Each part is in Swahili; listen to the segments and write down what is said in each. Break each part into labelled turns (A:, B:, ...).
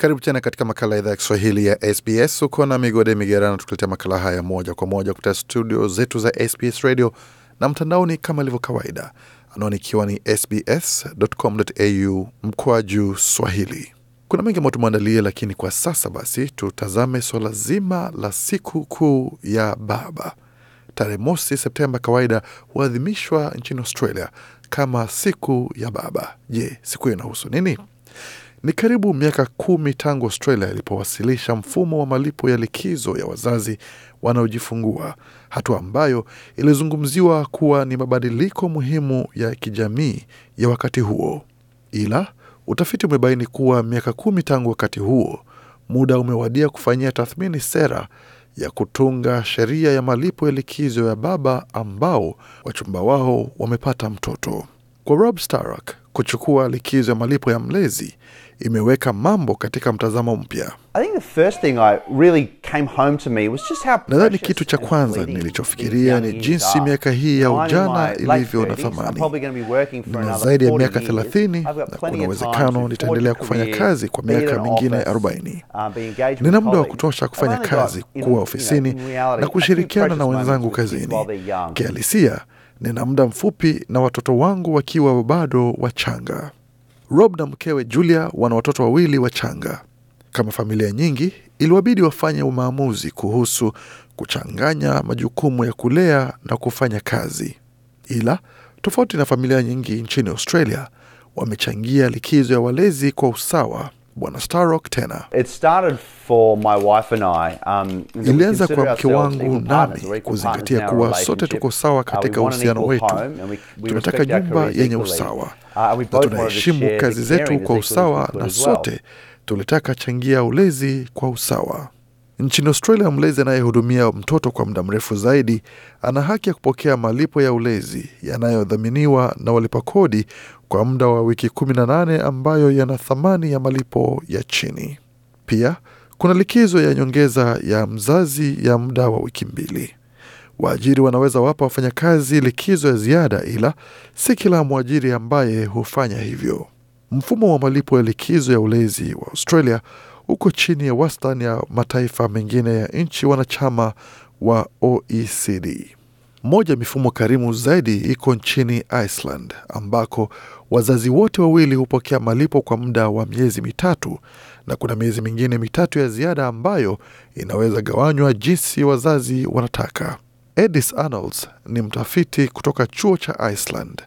A: Karibu tena katika makala ya idhaa ya Kiswahili ya SBS. Uko na Migode Migerano tukuletea makala haya moja kwa moja kutoka studio zetu za SBS radio na mtandaoni kama ilivyo kawaida, anwani ikiwa ni sbs.com.au mkoa juu swahili. Kuna mengi ambayo tumeandalia, lakini kwa sasa basi tutazame swala zima la siku kuu ya baba. Tarehe mosi Septemba kawaida huadhimishwa nchini Australia kama siku ya baba. Je, siku hiyo inahusu nini? Ni karibu miaka kumi tangu Australia ilipowasilisha mfumo wa malipo ya likizo ya wazazi wanaojifungua, hatua ambayo ilizungumziwa kuwa ni mabadiliko muhimu ya kijamii ya wakati huo. Ila utafiti umebaini kuwa miaka kumi tangu wakati huo, muda umewadia kufanyia tathmini sera ya kutunga sheria ya malipo ya likizo ya baba ambao wachumba wao wamepata mtoto. Kwa Rob Starak, kuchukua likizo ya malipo ya mlezi imeweka mambo katika mtazamo mpya. nadhani kitu cha kwanza nilichofikiria ni jinsi miaka hii ya ujana ilivyo na thamani. Nina zaidi ya miaka thelathini
B: na kuna uwezekano nitaendelea kufanya kazi kwa miaka mingine arobaini. Uh, Nina muda wa kutosha kufanya kazi, kuwa ofisini na kushirikiana na wenzangu kazini
A: kihalisia nina muda mfupi na watoto wangu wakiwa bado wachanga. Rob na mkewe Julia wana watoto wawili wachanga. Kama familia nyingi, iliwabidi wafanye maamuzi kuhusu kuchanganya majukumu ya kulea na kufanya kazi, ila tofauti na familia nyingi nchini Australia, wamechangia likizo ya walezi kwa usawa. Bwana starock tena.
B: Um, Ilianza kwa mke wangu nami kuzingatia kuwa sote tuko
A: sawa uh, katika uhusiano wetu. Tunataka nyumba yenye usawa
B: uh, na tunaheshimu kazi zetu kwa usawa, na sote
A: tulitaka changia ulezi kwa usawa. Nchini Australia, mlezi anayehudumia mtoto kwa muda mrefu zaidi ana haki ya kupokea malipo ya ulezi yanayodhaminiwa na walipa kodi kwa muda wa wiki 18 ambayo yana thamani ya malipo ya chini. Pia kuna likizo ya nyongeza ya mzazi ya muda wa wiki mbili. Waajiri wanaweza wapa wafanyakazi likizo ya ziada, ila si kila mwajiri ambaye hufanya hivyo. Mfumo wa malipo ya likizo ya ulezi wa Australia uko chini ya wastani ya mataifa mengine ya nchi wanachama wa OECD. Moja mifumo karimu zaidi iko nchini Iceland ambako wazazi wote wawili hupokea malipo kwa muda wa miezi mitatu na kuna miezi mingine mitatu ya ziada ambayo inaweza gawanywa jinsi wazazi wanataka. Edis Arnolds ni mtafiti kutoka chuo cha Iceland,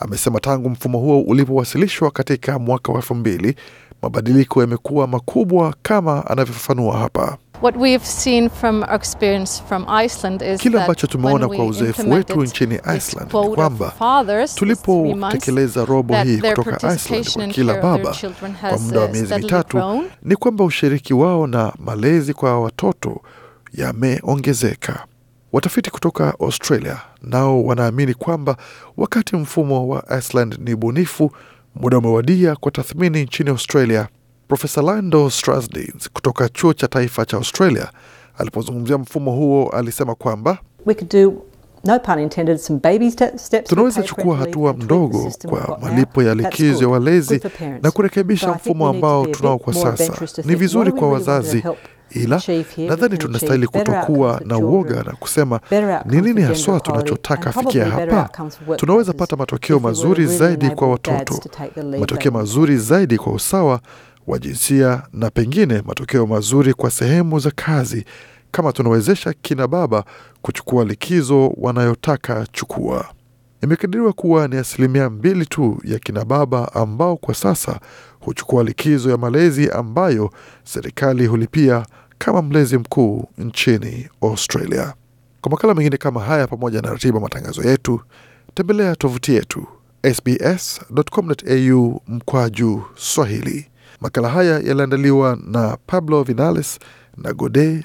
A: amesema tangu mfumo huo ulipowasilishwa katika mwaka wa elfu mbili Mabadiliko yamekuwa makubwa kama anavyofafanua hapa. What we've seen from our experience from Iceland is kile ambacho tumeona kwa uzoefu wetu nchini Iceland ni kwamba
B: tulipotekeleza
A: robo hii kutoka Iceland kwa kila baba
B: kwa muda wa uh, miezi mitatu,
A: ni kwamba ushiriki wao na malezi kwa watoto yameongezeka. Watafiti kutoka Australia nao wanaamini kwamba wakati mfumo wa Iceland ni bunifu Muda umewadia kwa tathmini nchini Australia. Profesa Lando Strasdins kutoka chuo cha taifa cha Australia alipozungumzia mfumo huo alisema kwamba no pun intended, some baby steps. Tunaweza chukua hatua mdogo kwa malipo ya likizo ya walezi na kurekebisha mfumo ambao tunao kwa sasa. Ni vizuri kwa wazazi ila nadhani tunastahili kutokuwa na uoga na kusema ni nini haswa tunachotaka fikia hapa. Tunaweza pata matokeo mazuri zaidi kwa watoto, matokeo mazuri zaidi kwa usawa wa jinsia, na pengine matokeo mazuri kwa sehemu za kazi kama tunawezesha kina baba kuchukua likizo wanayotaka chukua. Imekadiriwa kuwa ni asilimia mbili tu ya kina baba ambao kwa sasa huchukua likizo ya malezi ambayo serikali hulipia kama mlezi mkuu nchini Australia. Kwa makala mengine kama haya, pamoja na ratiba matangazo yetu, tembelea tovuti yetu sbs.com.au mkwaju Swahili. Makala haya yaliandaliwa na Pablo Vinales na Gode